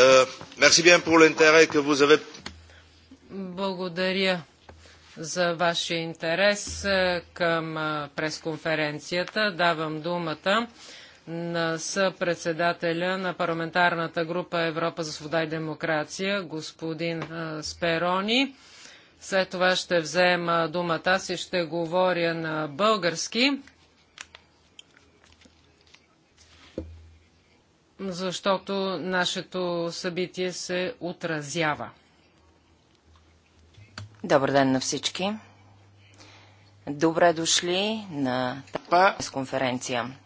Euh, Благодаря за вашия интерес е, към е, пресконференцията. Давам думата на съпредседателя на парламентарната група Европа за свобода и демокрация, господин е, Сперони. След това ще взема думата си, ще говоря на български. защото нашето събитие се отразява. Добър ден на всички. Добре дошли на тази конференция.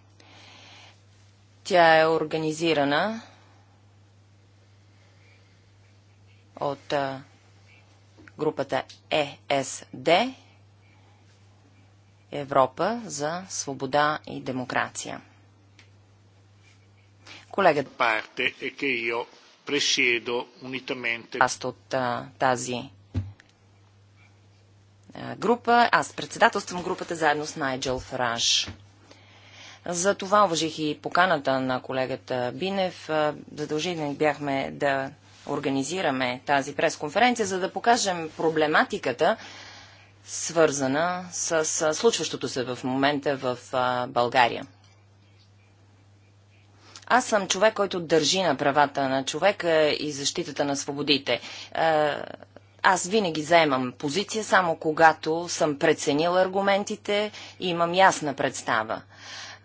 Тя е организирана от групата е ЕСД Европа за свобода и демокрация. Колегата Аз от а, тази а, група, аз председателствам групата заедно с Найджел Фараш. За това уважих и поканата на колегата Бинев. Задължени бяхме да организираме тази пресконференция, за да покажем проблематиката, свързана с случващото се в момента в България. Аз съм човек, който държи на правата на човека и защитата на свободите. Е, аз винаги заемам позиция, само когато съм преценил аргументите и имам ясна представа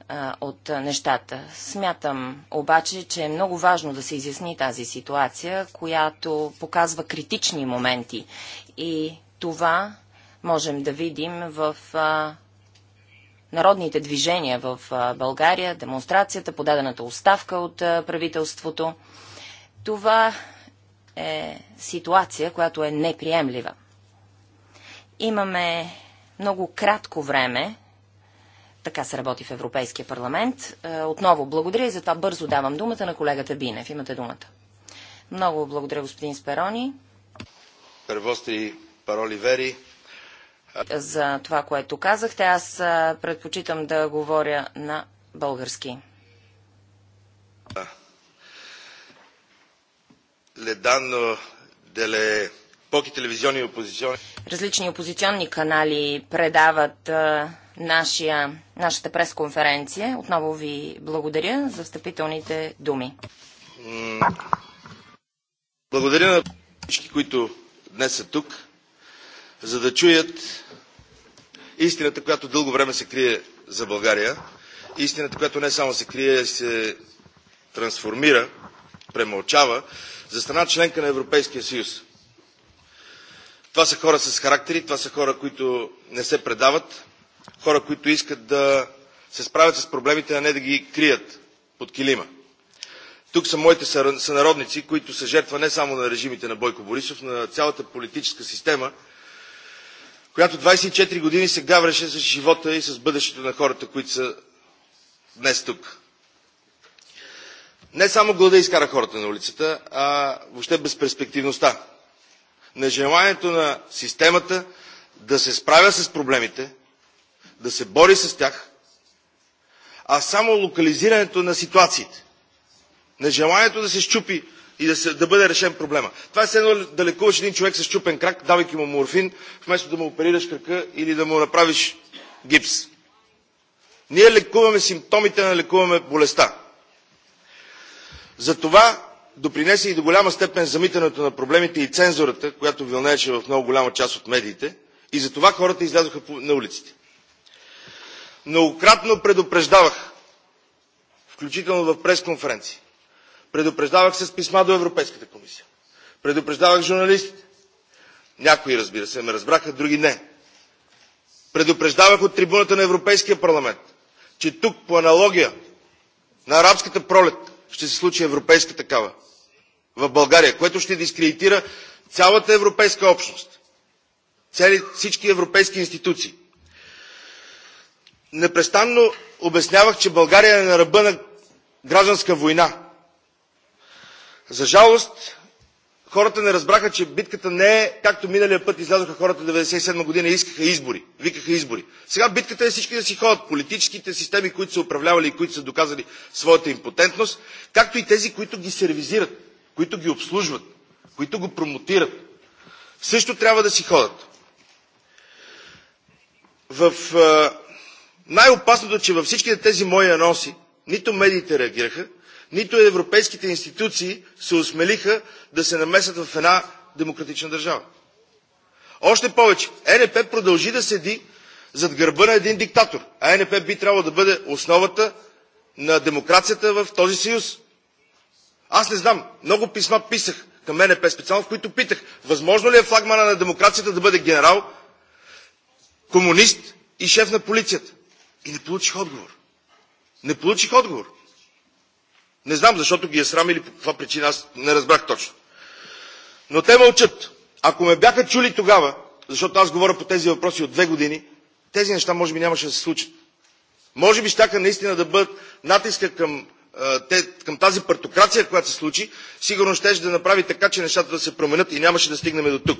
е, от нещата. Смятам обаче, че е много важно да се изясни тази ситуация, която показва критични моменти. И това можем да видим в народните движения в България, демонстрацията, подадената оставка от правителството. Това е ситуация, която е неприемлива. Имаме много кратко време, така се работи в Европейския парламент. Е, отново благодаря и затова бързо давам думата на колегата Бинев. Имате думата. Много благодаря, господин Сперони. Първостри Пароли Вери за това, което казахте. Аз предпочитам да говоря на български. Различни опозиционни канали предават нашия, нашата пресконференция. Отново ви благодаря за встъпителните думи. Благодаря на всички, които днес са тук за да чуят истината, която дълго време се крие за България, истината, която не само се крие, се трансформира, премълчава за страна членка на Европейския съюз. Това са хора с характери, това са хора, които не се предават, хора, които искат да се справят с проблемите, а не да ги крият под килима. Тук са моите сънародници, които са жертва не само на режимите на Бойко Борисов, но на цялата политическа система – която 24 години се гавреше с живота и с бъдещето на хората, които са днес тук. Не само глада изкара хората на улицата, а въобще безперспективността. Нежеланието на системата да се справя с проблемите, да се бори с тях, а само локализирането на ситуациите. Нежеланието да се щупи и да, се, да бъде решен проблема. Това е едно да лекуваш един човек с чупен крак, давайки му морфин, вместо да му оперираш крака или да му направиш гипс. Ние лекуваме симптомите, не лекуваме болестта. Затова допринесе и до голяма степен замитането на проблемите и цензурата, която вилнееше в много голяма част от медиите, и затова хората излязоха на улиците. Многократно предупреждавах, включително в пресконференции, Предупреждавах с писма до Европейската комисия. Предупреждавах журналистите. Някои, разбира се, ме разбраха, други не. Предупреждавах от трибуната на Европейския парламент, че тук по аналогия на арабската пролет ще се случи европейска такава в България, което ще дискредитира цялата европейска общност, цели всички европейски институции. Непрестанно обяснявах, че България е на ръба на гражданска война, за жалост, хората не разбраха, че битката не е, както миналия път излязоха хората 1997 година и искаха избори, викаха избори. Сега битката е всички да си ходят. Политическите системи, които са управлявали и които са доказали своята импотентност, както и тези, които ги сервизират, които ги обслужват, които го промотират, също трябва да си ходят. В най-опасното, че във всичките тези мои аноси, нито медиите реагираха, нито европейските институции се осмелиха да се намесят в една демократична държава. Още повече, ЕНП продължи да седи зад гърба на един диктатор, а ЕНП би трябвало да бъде основата на демокрацията в този съюз. Аз не знам, много писма писах към НП специално, в които питах, възможно ли е флагмана на демокрацията да бъде генерал, комунист и шеф на полицията? И не получих отговор. Не получих отговор. Не знам, защото ги е срам или по каква причина, аз не разбрах точно. Но те мълчат. Ако ме бяха чули тогава, защото аз говоря по тези въпроси от две години, тези неща може би нямаше да се случат. Може би щяха наистина да бъдат натиска към, те, към тази партокрация, която се случи, сигурно ще да направи така, че нещата да се променят и нямаше да стигнем до тук.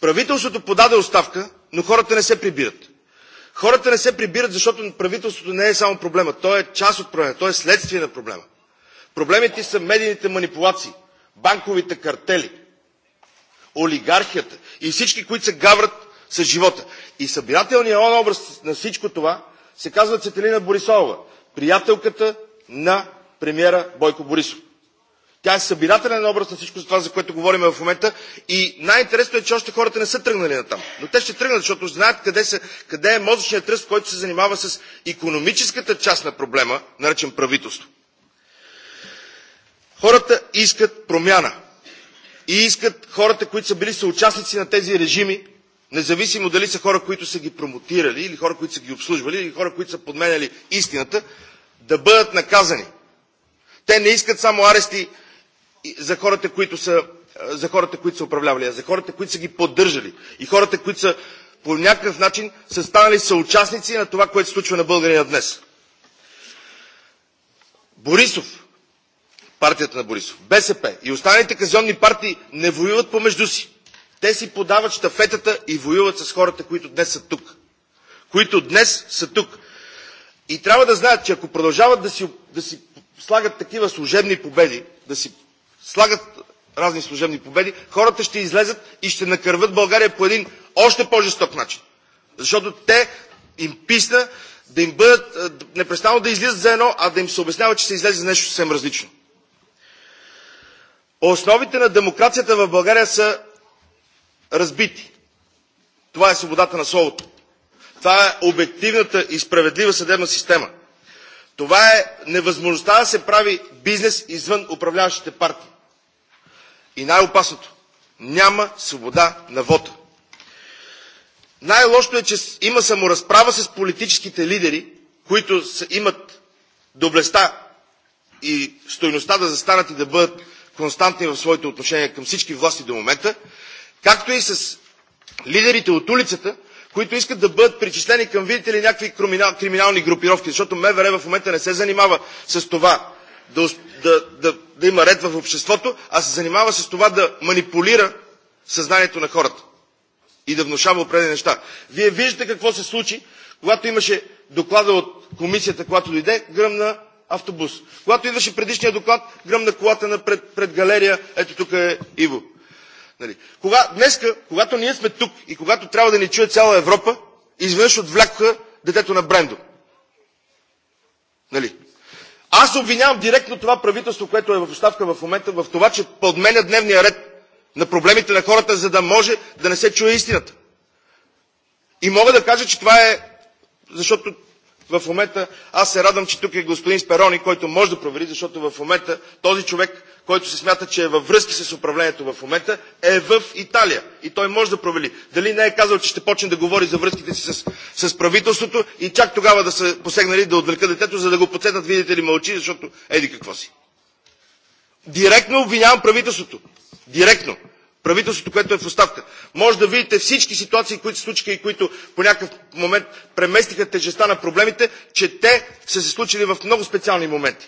Правителството подаде оставка, но хората не се прибират. Хората не се прибират, защото правителството не е само проблема. То е част от проблема. То е следствие на проблема. Проблемите са медийните манипулации, банковите картели, олигархията и всички, които се гаврат с живота. И събирателният образ на всичко това се казва Цетелина Борисова, приятелката на премиера Бойко Борисов. Тя е събирателен образ на всичко за това, за което говорим в момента. И най интересно е, че още хората не са тръгнали на там. Но те ще тръгнат, защото знаят къде, са, къде е мозъчният тръст, който се занимава с економическата част на проблема, наречен правителство. Хората искат промяна. И искат хората, които са били съучастници на тези режими, независимо дали са хора, които са ги промотирали, или хора, които са ги обслужвали, или хора, които са подменяли истината, да бъдат наказани. Те не искат само арести за хората, които са, за хората, които са управлявали, а за хората, които са ги поддържали и хората, които са по някакъв начин са станали съучастници на това, което се случва на България днес. Борисов, партията на Борисов, БСП и останалите казионни партии не воюват помежду си. Те си подават штафетата и воюват с хората, които днес са тук. Които днес са тук. И трябва да знаят, че ако продължават да си, да си слагат такива служебни победи, да си слагат разни служебни победи, хората ще излезат и ще накърват България по един още по-жесток начин. Защото те им писна да им бъдат, е, непрестанно да излизат за едно, а да им се обяснява, че се излезе за нещо съвсем различно. Основите на демокрацията в България са разбити. Това е свободата на словото. Това е обективната и справедлива съдебна система. Това е невъзможността да се прави бизнес извън управляващите партии. И най-опасното – няма свобода на вота. Най-лошото е, че има саморазправа с политическите лидери, които имат доблестта и стойността да застанат и да бъдат константни в своите отношения към всички власти до момента, както и с лидерите от улицата, които искат да бъдат причислени към, видите ли, някакви криминал, криминални групировки, защото МВР в момента не се занимава с това да да, да, да има ред в обществото, а се занимава с това да манипулира съзнанието на хората и да внушава определени неща. Вие виждате какво се случи, когато имаше доклада от комисията, когато дойде, гръмна автобус. Когато идваше предишния доклад, гръмна колата на пред, пред галерия, ето тук е Иво. Нали. Кога, днеска, когато ние сме тук и когато трябва да ни чуе цяла Европа, изведнъж отвлякоха детето на Брендо. Нали. Аз обвинявам директно това правителство, което е в оставка в момента, в това, че подменя дневния ред на проблемите на хората, за да може да не се чуе истината. И мога да кажа, че това е, защото в момента аз се радвам, че тук е господин Сперони, който може да провери, защото в момента този човек, който се смята, че е във връзки с управлението в момента, е в Италия и той може да провери дали не е казал, че ще почне да говори за връзките си с, с правителството и чак тогава да са посегнали да отвлека детето, за да го подсетнат, видите ли, мълчи, защото еди какво си. Директно обвинявам правителството. Директно правителството, което е в оставка. Може да видите всички ситуации, които се случиха и които по някакъв момент преместиха тежеста на проблемите, че те са се случили в много специални моменти.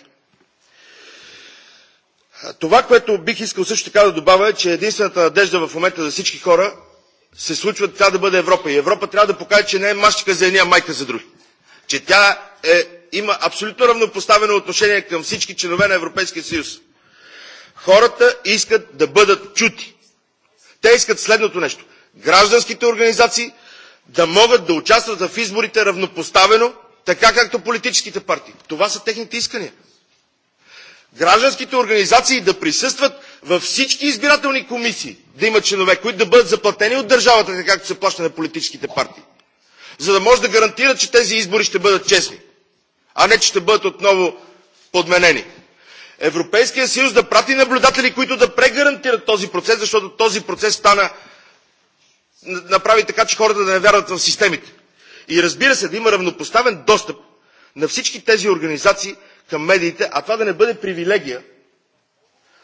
Това, което бих искал също така да добавя е, че единствената надежда в момента за всички хора се случва, трябва да бъде Европа. И Европа трябва да покаже, че не е мащика за едния, майка за други. Че тя е, има абсолютно равнопоставено отношение към всички членове на Европейския съюз. Хората искат да бъдат чути. Те искат следното нещо. Гражданските организации да могат да участват в изборите равнопоставено, така както политическите партии. Това са техните искания. Гражданските организации да присъстват във всички избирателни комисии, да имат чинове, които да бъдат заплатени от държавата, така както се плаща на политическите партии. За да може да гарантират, че тези избори ще бъдат честни, а не че ще бъдат отново подменени. Европейския съюз да прати наблюдатели, които да прегарантират този процес, защото този процес стана, направи така, че хората да не вярват в системите. И разбира се, да има равнопоставен достъп на всички тези организации към медиите, а това да не бъде привилегия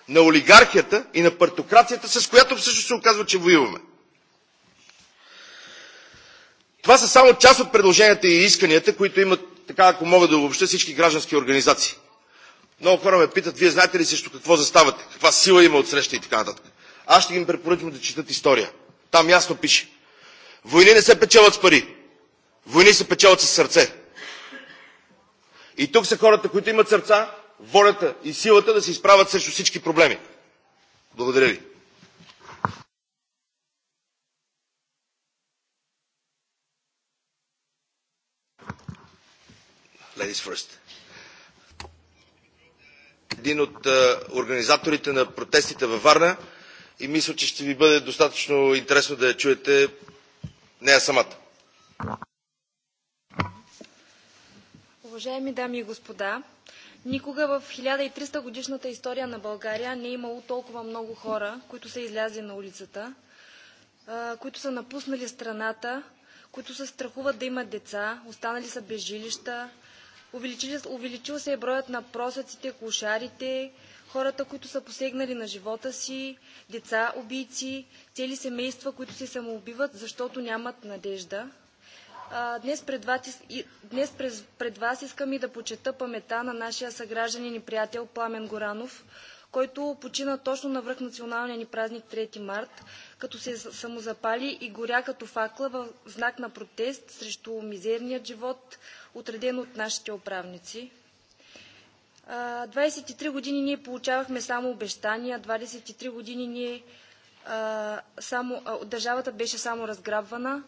на олигархията и на партокрацията, с която всъщност се оказва, че воюваме. Това са само част от предложенията и исканията, които имат, така ако мога да обобща, всички граждански организации. Много хора ме питат, вие знаете ли също какво заставате, каква сила има от среща и така нататък. Аз ще им препоръчам да четат история. Там ясно пише. Войни не се печелят с пари. Войни се печелят с сърце. И тук са хората, които имат сърца, волята и силата да се изправят срещу всички проблеми. Благодаря ви. Ladies first един от организаторите на протестите във Варна и мисля, че ще ви бъде достатъчно интересно да я чуете нея самата. Уважаеми дами и господа, никога в 1300 годишната история на България не е имало толкова много хора, които са излязли на улицата, които са напуснали страната, които се страхуват да имат деца, останали са без жилища, Увеличил се е броят на просъците, клошарите, хората, които са посегнали на живота си, деца убийци, цели семейства, които се самоубиват, защото нямат надежда. Днес пред, вас, днес пред вас искам и да почета памета на нашия съгражданин и приятел Пламен Горанов, който почина точно на връх националния ни празник 3 март, като се самозапали и горя като факла в знак на протест срещу мизерния живот, отреден от нашите управници. 23 години ние получавахме само обещания, 23 години ние само, държавата беше само разграбвана.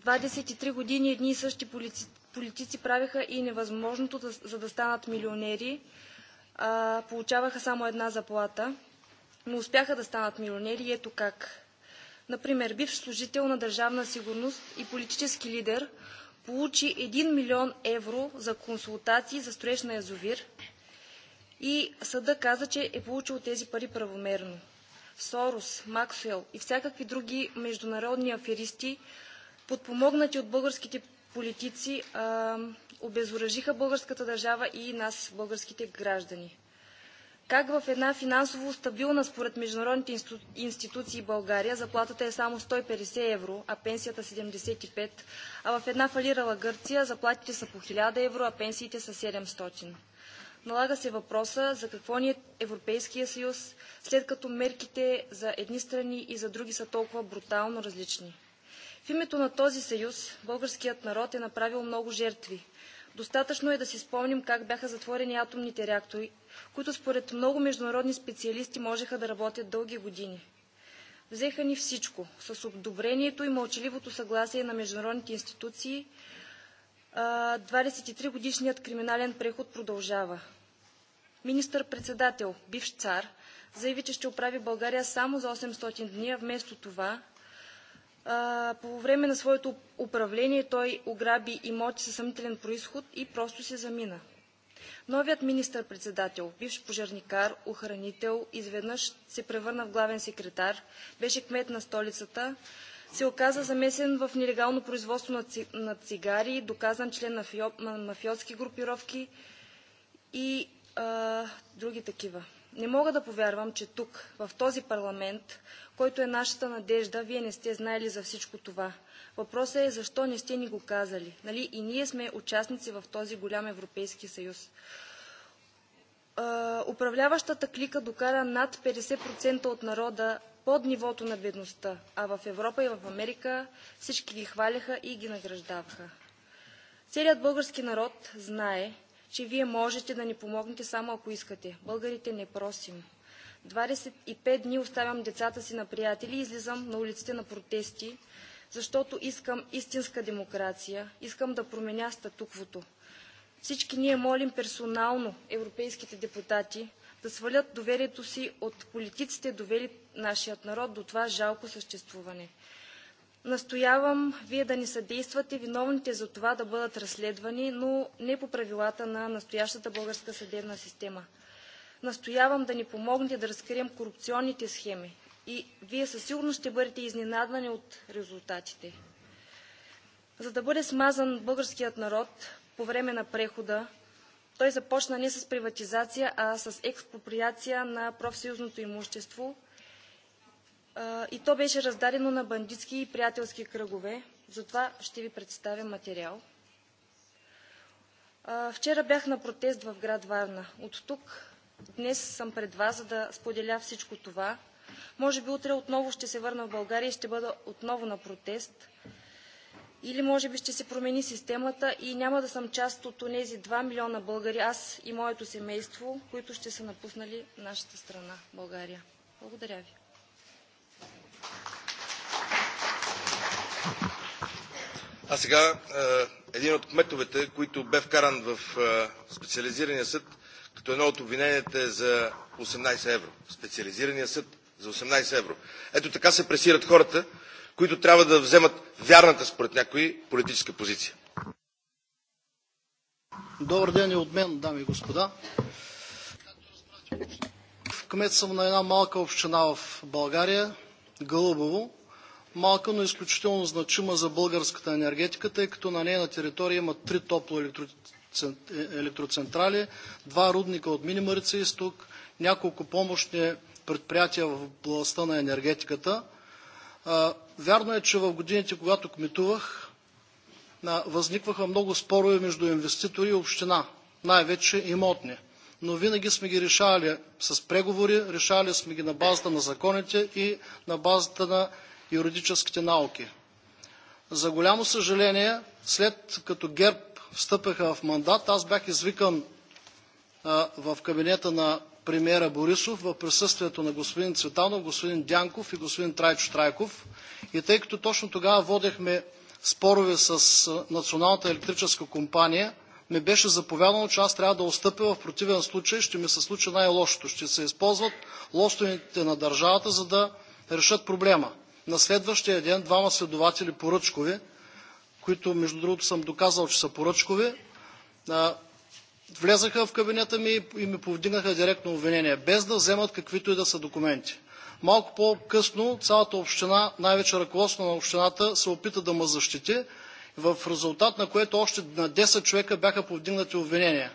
23 години едни и същи политици правеха и невъзможното, за да станат милионери а, получаваха само една заплата, но успяха да станат милионери и ето как. Например, бивш служител на държавна сигурност и политически лидер получи 1 милион евро за консултации за строеж на язовир и съда каза, че е получил тези пари правомерно. Сорос, Максуел и всякакви други международни аферисти, подпомогнати от българските политици а, обезоръжиха българската държава и нас, българските граждани. Как в една финансово стабилна според международните институции България заплатата е само 150 евро, а пенсията 75, а в една фалирала Гърция заплатите са по 1000 евро, а пенсиите са 700. Налага се въпроса за какво ни е Европейския съюз, след като мерките за едни страни и за други са толкова брутално различни. В името на този съюз българският народ е направил много жертви. Достатъчно е да си спомним как бяха затворени атомните реактори, които според много международни специалисти можеха да работят дълги години. Взеха ни всичко, с одобрението и мълчаливото съгласие на международните институции. 23-годишният криминален преход продължава. Министър-председател, бивш цар, заяви, че ще оправи България само за 800 дни, а вместо това по време на своето управление той ограби имоти със съмнителен происход и просто се замина. Новият министър-председател, бивш пожарникар, охранител, изведнъж се превърна в главен секретар, беше кмет на столицата, се оказа замесен в нелегално производство на цигари, доказан член на мафиотски групировки и а, други такива не мога да повярвам, че тук, в този парламент, който е нашата надежда, вие не сте знаели за всичко това. Въпросът е защо не сте ни го казали. Нали? И ние сме участници в този голям Европейски съюз. управляващата клика докара над 50% от народа под нивото на бедността, а в Европа и в Америка всички ги хваляха и ги награждаваха. Целият български народ знае, че вие можете да ни помогнете само ако искате. Българите не просим. 25 дни оставям децата си на приятели и излизам на улиците на протести, защото искам истинска демокрация, искам да променя статуквото. Всички ние молим персонално европейските депутати да свалят доверието си от политиците, довели нашият народ до това жалко съществуване. Настоявам вие да ни съдействате виновните за това да бъдат разследвани, но не по правилата на настоящата българска съдебна система. Настоявам да ни помогнете да разкрием корупционните схеми и вие със сигурност ще бъдете изненадани от резултатите. За да бъде смазан българският народ по време на прехода, той започна не с приватизация, а с експроприация на профсъюзното имущество и то беше раздадено на бандитски и приятелски кръгове. Затова ще ви представя материал. Вчера бях на протест в град Варна. От тук днес съм пред вас, за да споделя всичко това. Може би утре отново ще се върна в България и ще бъда отново на протест. Или може би ще се промени системата и няма да съм част от тези 2 милиона българи, аз и моето семейство, които ще са напуснали нашата страна, България. Благодаря ви. А сега е, един от кметовете, който бе вкаран в е, специализирания съд, като едно от обвиненията е за 18 евро. Специализирания съд за 18 евро. Ето така се пресират хората, които трябва да вземат вярната според някои политическа позиция. Добър ден и от мен, дами и господа. Кмет съм на една малка община в България, Гълъбово, малка, но изключително значима за българската енергетика, тъй като на нейна територия има три топлоелектроцентрали, два рудника от Мини Марица изток, няколко помощни предприятия в областта на енергетиката. Вярно е, че в годините, когато кметувах, възникваха много спорове между инвеститори и община, най-вече имотни. Но винаги сме ги решавали с преговори, решавали сме ги на базата на законите и на базата на юридическите науки. За голямо съжаление, след като ГЕРБ встъпиха в мандат, аз бях извикан в кабинета на премиера Борисов в присъствието на господин Цветанов, господин Дянков и господин Трайчо Трайков. И тъй като точно тогава водехме спорове с Националната електрическа компания, ми беше заповядано, че аз трябва да отстъпя, в противен случай ще ми се случи най-лошото. Ще се използват лостовете на държавата, за да решат проблема. На следващия ден двама следователи поръчкови, които между другото съм доказал, че са поръчкови, влезаха в кабинета ми и ми повдигнаха директно обвинение, без да вземат каквито и да са документи. Малко по-късно цялата община, най-вече ръководство на общината, се опита да ме защити, в резултат на което още на 10 човека бяха повдигнати обвинения.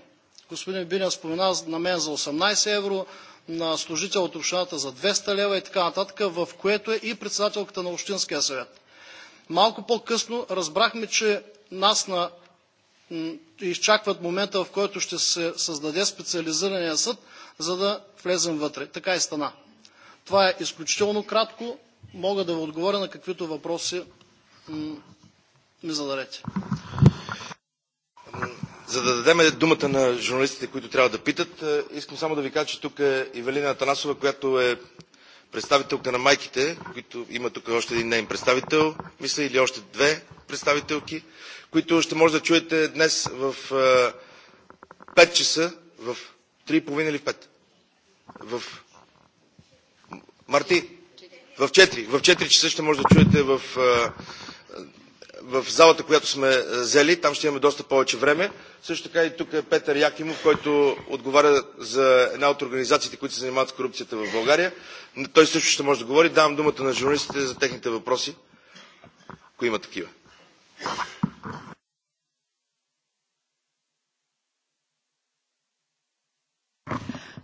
Господин Биня, спомена на мен за 18 евро, на служител от общината за 200 лева и така нататък, в което е и председателката на Общинския съвет. Малко по-късно разбрахме, че нас на... изчакват момента, в който ще се създаде специализирания съд, за да влезем вътре. Така и стана. Това е изключително кратко. Мога да ви отговоря на каквито въпроси ми зададете. За да дадем думата на журналистите, които трябва да питат, е, искам само да ви кажа, че тук е Ивелина Атанасова, която е представителка на майките, които има тук още един нейн представител, мисля, или още две представителки, които ще може да чуете днес в 5 е, часа, в 3.5. или в 5. В... Марти, в 4. В 4 часа ще може да чуете в е, в залата, която сме е, взели. Там ще имаме доста повече време. Също така и тук е Петър Якимов, който отговаря за една от организациите, които се занимават с корупцията в България. Той също ще може да говори. Давам думата на журналистите за техните въпроси, ако има такива.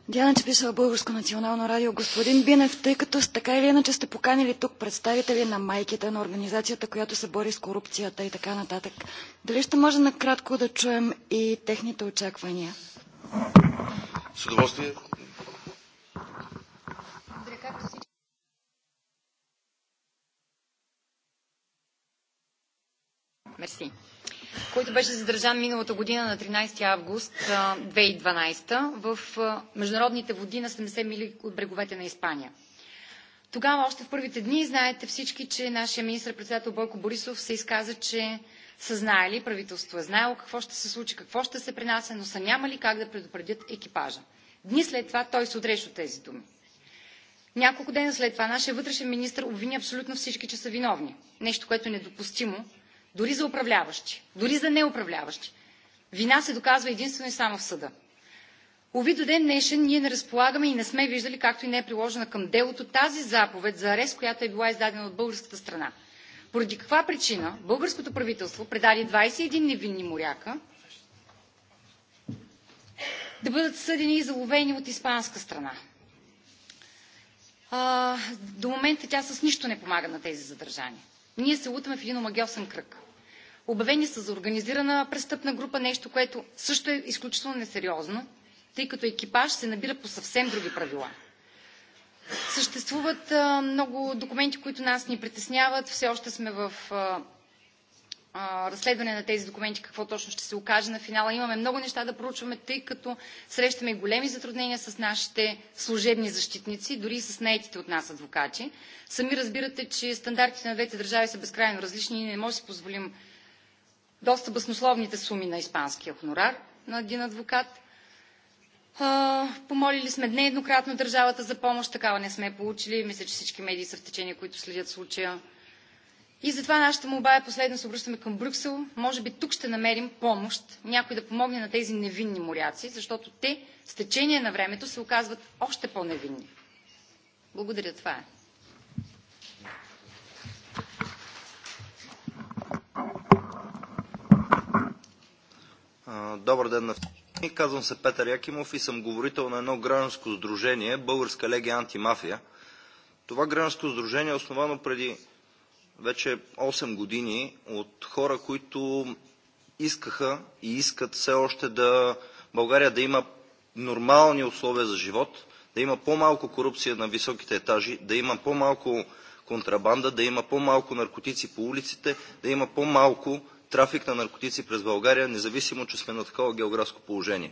Диана Чепишева, Българско национално радио. Господин Бинев, тъй като така или иначе сте поканили тук представители на майките, на организацията, която се бори с корупцията и така нататък, дали ще може накратко да чуем и техните очаквания? С удоволствие. мерси, който беше задържан миналата година на 13 август 2012 в международните води на 70 мили от бреговете на Испания. Тогава, още в първите дни, знаете всички, че нашия министр-председател Бойко Борисов се изказа, че са знаели, правителството е знаело какво ще се случи, какво ще се принася, но са нямали как да предупредят екипажа. Дни след това той се отреше от тези думи. Няколко дена след това нашия вътрешен министр обвини абсолютно всички, че са виновни. Нещо, което е недопустимо дори за управляващи, дори за неуправляващи. Вина се доказва единствено и само в съда. Ови до ден днешен ние не разполагаме и не сме виждали, както и не е приложена към делото, тази заповед за арест, която е била издадена от българската страна. Поради каква причина българското правителство предаде 21 невинни моряка да бъдат съдени и заловени от испанска страна. А, до момента тя с нищо не помага на тези задържания. Ние се лутаме в един омагиосен кръг. Обявени са за организирана престъпна група, нещо, което също е изключително несериозно, тъй като екипаж се набира по съвсем други правила. Съществуват а, много документи, които нас ни притесняват. Все още сме в а, а, разследване на тези документи, какво точно ще се окаже на финала. Имаме много неща да проучваме, тъй като срещаме големи затруднения с нашите служебни защитници, дори и с наетите от нас адвокати. Сами разбирате, че стандартите на двете държави са безкрайно различни и не може да си позволим доста баснословните суми на испанския хонорар на един адвокат. Помолили сме нееднократно държавата за помощ, такава не сме получили. Мисля, че всички медии са в течение, които следят случая. И затова нашата молба е последно се обръщаме към Брюксел. Може би тук ще намерим помощ, някой да помогне на тези невинни моряци, защото те с течение на времето се оказват още по-невинни. Благодаря, това е. Добър ден на всички. Казвам се Петър Якимов и съм говорител на едно гражданско сдружение Българска легия антимафия. Това гражданско сдружение е основано преди вече 8 години от хора, които искаха и искат все още да България да има нормални условия за живот, да има по-малко корупция на високите етажи, да има по-малко контрабанда, да има по-малко наркотици по улиците, да има по-малко трафик на наркотици през България, независимо, че сме на такова географско положение.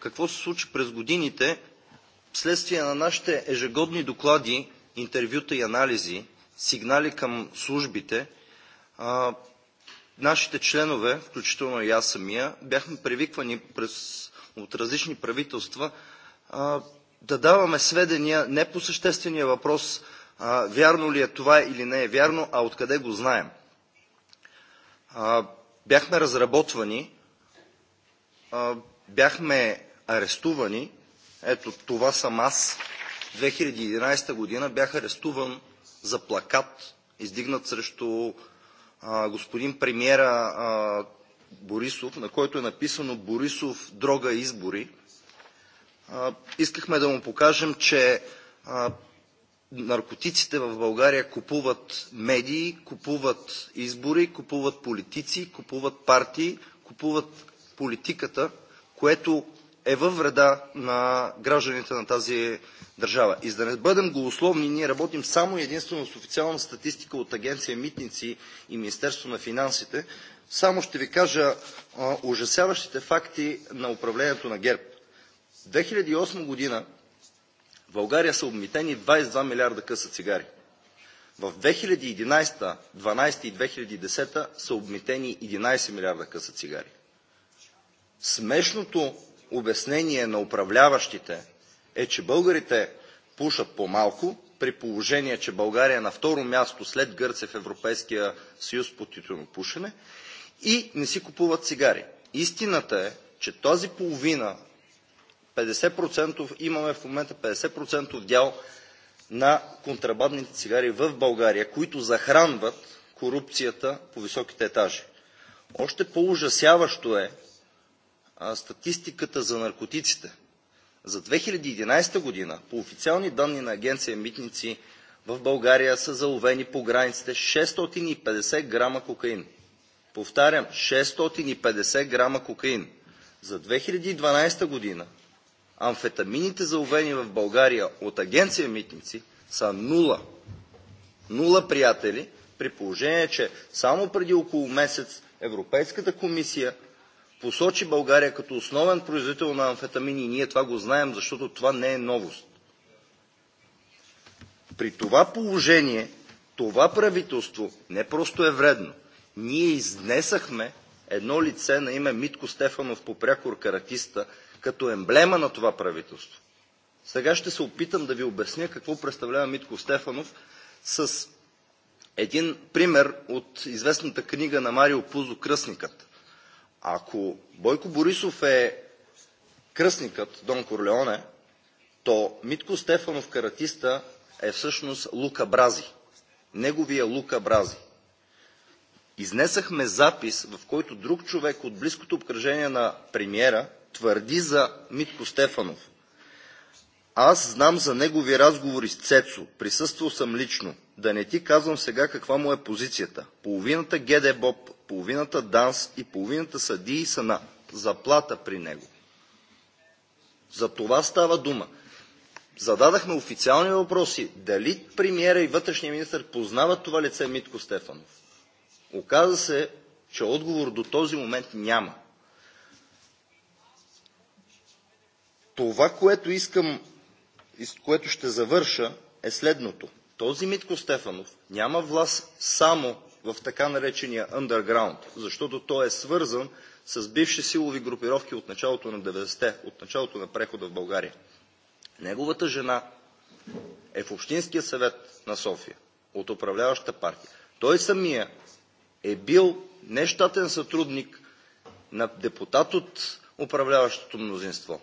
Какво се случи през годините? Вследствие на нашите ежегодни доклади, интервюта и анализи, сигнали към службите, а, нашите членове, включително и аз самия, бяхме привиквани през, от различни правителства а, да даваме сведения не по съществения въпрос а, вярно ли е това или не е вярно, а откъде го знаем бяхме разработвани, бяхме арестувани. Ето това съм аз. 2011 година бях арестуван за плакат, издигнат срещу а, господин премиера а, Борисов, на който е написано Борисов дрога избори. А, искахме да му покажем, че а, наркотиците в България купуват медии, купуват избори, купуват политици, купуват партии, купуват политиката, което е във вреда на гражданите на тази държава. И за да не бъдем голословни, ние работим само единствено с официална статистика от Агенция Митници и Министерство на финансите. Само ще ви кажа а, ужасяващите факти на управлението на ГЕРБ. 2008 година България са обмитени 22 милиарда къса цигари. В 2011, 2012 и 2010 са обмитени 11 милиарда къса цигари. Смешното обяснение на управляващите е, че българите пушат по-малко, при положение, че България е на второ място след Гърция в Европейския съюз по пушене, и не си купуват цигари. Истината е, че тази половина 50% имаме в момента 50% дял на контрабандните цигари в България, които захранват корупцията по високите етажи. Още по-ужасяващо е а, статистиката за наркотиците. За 2011 година, по официални данни на агенция Митници, в България са заловени по границите 650 грама кокаин. Повтарям, 650 грама кокаин. За 2012 година амфетамините заловени в България от агенция Митници са нула. Нула, приятели, при положение, че само преди около месец Европейската комисия посочи България като основен производител на амфетамини и ние това го знаем, защото това не е новост. При това положение, това правителство не просто е вредно. Ние изнесахме едно лице на име Митко Стефанов по прякор каратиста – като емблема на това правителство. Сега ще се опитам да ви обясня какво представлява Митко Стефанов с един пример от известната книга на Марио Пузо «Кръсникът». Ако Бойко Борисов е кръсникът Дон Корлеоне, то Митко Стефанов каратиста е всъщност Лука Брази. Неговия Лука Брази. Изнесахме запис, в който друг човек от близкото обкръжение на премиера – твърди за Митко Стефанов. Аз знам за негови разговори с Цецо. Присъствал съм лично. Да не ти казвам сега каква му е позицията. Половината ГД Боб, половината Данс и половината съдии са на заплата при него. За това става дума. Зададахме официални въпроси. Дали премиера и вътрешния министр познават това лице Митко Стефанов? Оказа се, че отговор до този момент няма. Това, което искам, което ще завърша, е следното. Този Митко Стефанов няма власт само в така наречения underground, защото той е свързан с бивши силови групировки от началото на 90-те, от началото на прехода в България. Неговата жена е в Общинския съвет на София, от управляваща партия. Той самия е бил нещатен сътрудник на депутат от управляващото мнозинство.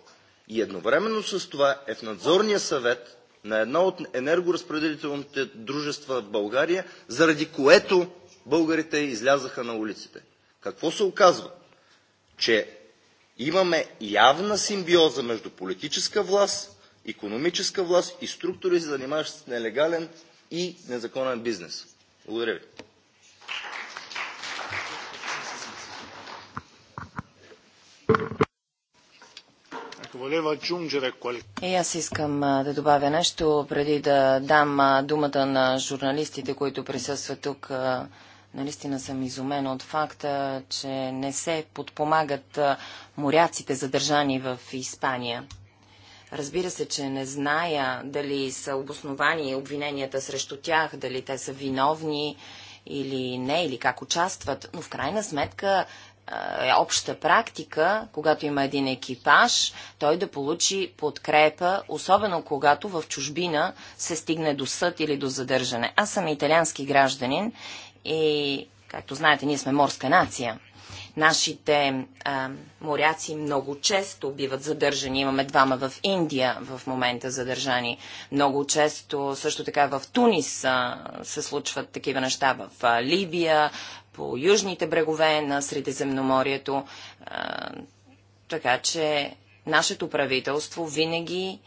И едновременно с това е в надзорния съвет на едно от енергоразпределителните дружества в България, заради което българите излязаха на улиците. Какво се оказва? Че имаме явна симбиоза между политическа власт, економическа власт и структури, занимаващи с нелегален и незаконен бизнес. Благодаря ви. И аз искам да добавя нещо, преди да дам думата на журналистите, които присъстват тук. Наистина съм изумена от факта, че не се подпомагат моряците задържани в Испания. Разбира се, че не зная дали са обосновани обвиненията срещу тях, дали те са виновни или не, или как участват, но в крайна сметка е обща практика, когато има един екипаж, той да получи подкрепа, особено когато в чужбина се стигне до съд или до задържане. Аз съм италиански гражданин и, както знаете, ние сме морска нация – Нашите а, моряци много често биват задържани. Имаме двама в Индия в момента задържани. Много често, също така в Тунис а, се случват такива неща в а, Либия, по южните брегове на Средиземноморието. А, така че нашето правителство винаги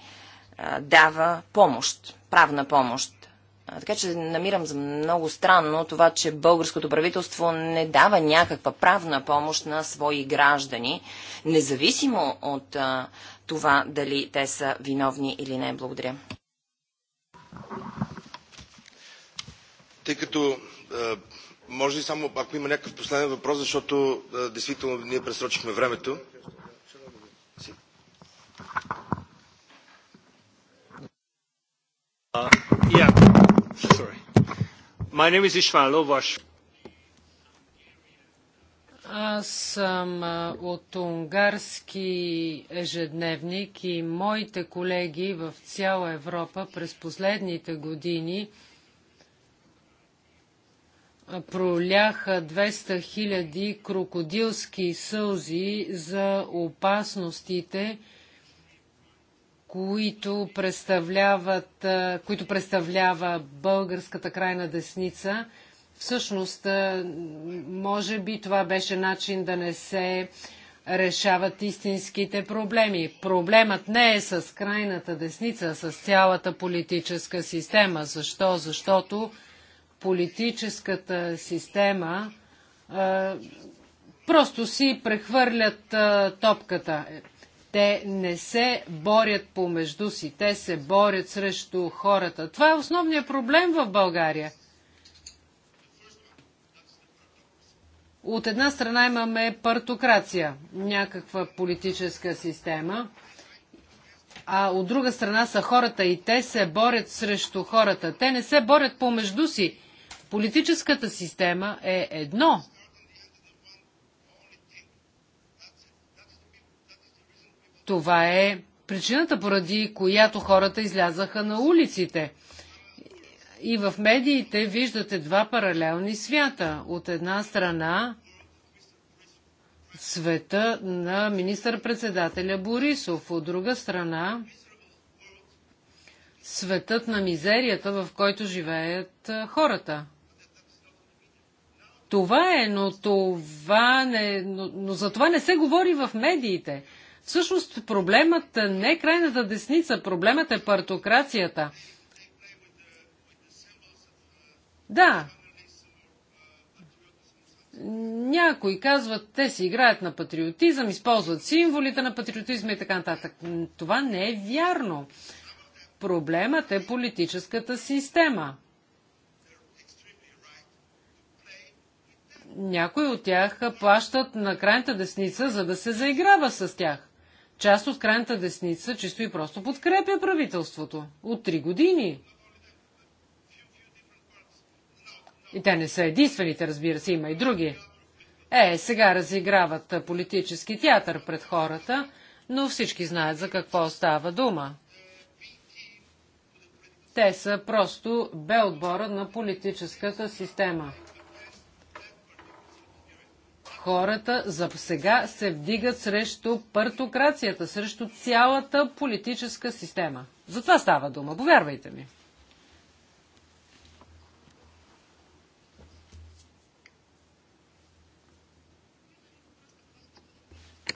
а, дава помощ, правна помощ така че намирам за много странно това, че българското правителство не дава някаква правна помощ на свои граждани, независимо от а, това дали те са виновни или не. Благодаря. Тъй като а, може ли само, ако има някакъв последен въпрос, защото а, действително ние пресрочихме времето. yeah. My name is István Lovas. Аз съм от унгарски ежедневник и моите колеги в цяла Европа през последните години проляха 200 000 крокодилски сълзи за опасностите, които представляват, които представлява българската крайна десница, всъщност, може би това беше начин да не се решават истинските проблеми. Проблемът не е с крайната десница, а с цялата политическа система. Защо? Защото политическата система просто си прехвърлят топката. Те не се борят помежду си, те се борят срещу хората. Това е основният проблем в България. От една страна имаме партокрация, някаква политическа система, а от друга страна са хората и те се борят срещу хората. Те не се борят помежду си. Политическата система е едно, Това е причината, поради която хората излязаха на улиците. И в медиите виждате два паралелни свята. От една страна света на министър-председателя Борисов, от друга страна светът на мизерията, в който живеят хората. Това е, но, това не, но, но за това не се говори в медиите. Всъщност проблемът не е крайната десница, проблемът е партокрацията. Да. Някои казват, те си играят на патриотизъм, използват символите на патриотизма и така нататък. Това не е вярно. Проблемът е политическата система. Някои от тях плащат на крайната десница, за да се заиграва с тях. Част от крайната десница чисто и просто подкрепя правителството. От три години. И те не са единствените, разбира се, има и други. Е, сега разиграват политически театър пред хората, но всички знаят за какво става дума. Те са просто бе отбора на политическата система хората за сега се вдигат срещу партокрацията, срещу цялата политическа система. За това става дума, повярвайте ми.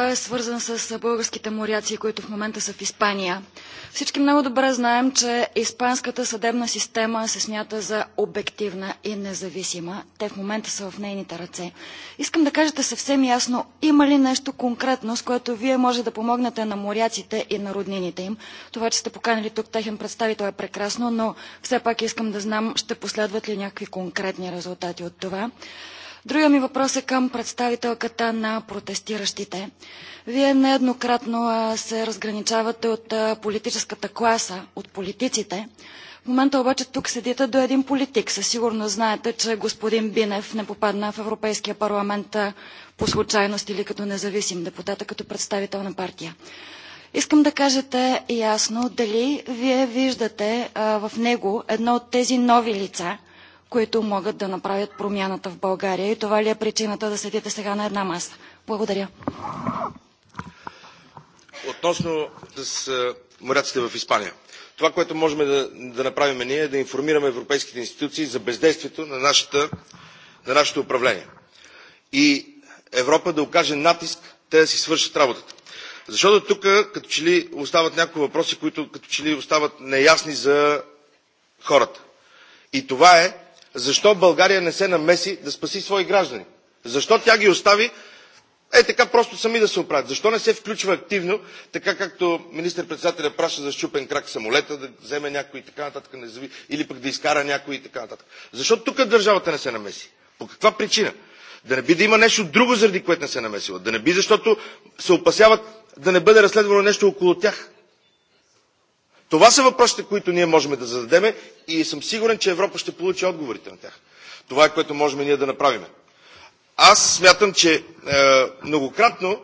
е свързан с българските моряци, които в момента са в Испания. Всички много добре знаем, че испанската съдебна система се смята за обективна и независима. Те в момента са в нейните ръце. Искам да кажете съвсем ясно, има ли нещо конкретно, с което вие може да помогнете на моряците и на роднините им. Това, че сте поканили тук техен представител е прекрасно, но все пак искам да знам, ще последват ли някакви конкретни резултати от това. Другия ми въпрос е към представителката на протестиращите. Вие нееднократно се разграничавате от политическата класа, от политиците. В момента обаче тук седите до един политик. Със сигурност знаете, че господин Бинев не попадна в Европейския парламент по случайност или като независим депутат, като представител на партия. Искам да кажете ясно дали вие виждате в него едно от тези нови лица – които могат да направят промяната в България. И това ли е причината да седите сега на една маса? Благодаря. Относно с моряците в Испания. Това, което можем да, да направим ние е да информираме европейските институции за бездействието на, нашата, на нашето управление. И Европа да окаже натиск те да си свършат работата. Защото тук като че ли остават някои въпроси, които като че ли остават неясни за хората. И това е защо България не се намеси да спаси свои граждани? Защо тя ги остави е така просто сами да се оправят? Защо не се включва активно, така както министър-председателя праща за щупен крак самолета, да вземе някой и така нататък, не зави, или пък да изкара някой и така нататък? Защо тук държавата не се намеси? По каква причина? Да не би да има нещо друго, заради което не се намесила. Да не би, защото се опасяват да не бъде разследвано нещо около тях. Това са въпросите, които ние можем да зададем и съм сигурен, че Европа ще получи отговорите на тях. Това е което можем ние да направим. Аз смятам, че е, многократно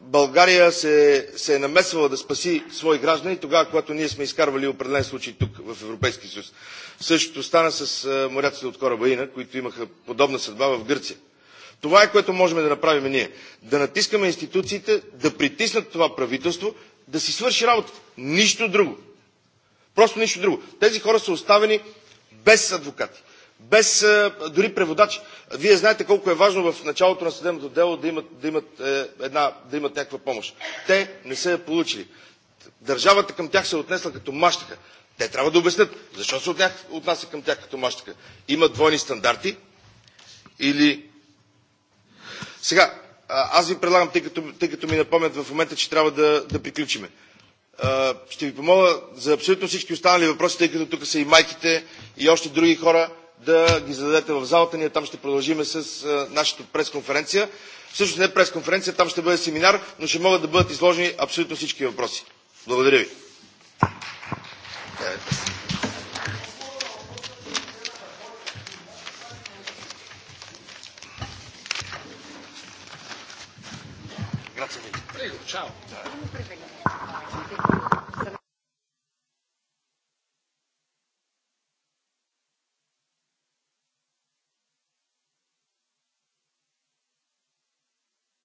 България се, се е намесвала да спаси свои граждани тогава, когато ние сме изкарвали определен случай тук в Европейския съюз. Същото стана с е, моряците от кораба Ина, които имаха подобна съдба в Гърция. Това е което можем да направим ние. Да натискаме институциите, да притиснат това правителство, да си свърши работата. Нищо друго. Просто нищо друго. Тези хора са оставени без адвокати, без дори преводачи. Вие знаете колко е важно в началото на съдебното дело да имат, да имат, е, една, да имат някаква помощ. Те не са я получили. Държавата към тях се е отнесла като мащаха. Те трябва да обяснят защо се отнася към тях като мащаха. Има двойни стандарти или... Сега, аз ви предлагам, тъй като, тъй като ми напомнят в момента, че трябва да, да приключиме ще ви помоля за абсолютно всички останали въпроси, тъй като тук са и майките и още други хора, да ги зададете в залата. Ние там ще продължим с нашата пресконференция. Всъщност не пресконференция, там ще бъде семинар, но ще могат да бъдат изложени абсолютно всички въпроси. Благодаря ви. Grazie mille. Prego, ciao.